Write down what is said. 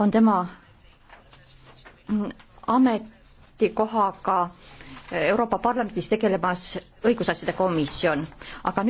on tema ametikohaga Euroopa Parlamendis tegelemas õigusasjade komisjon, aga nüüd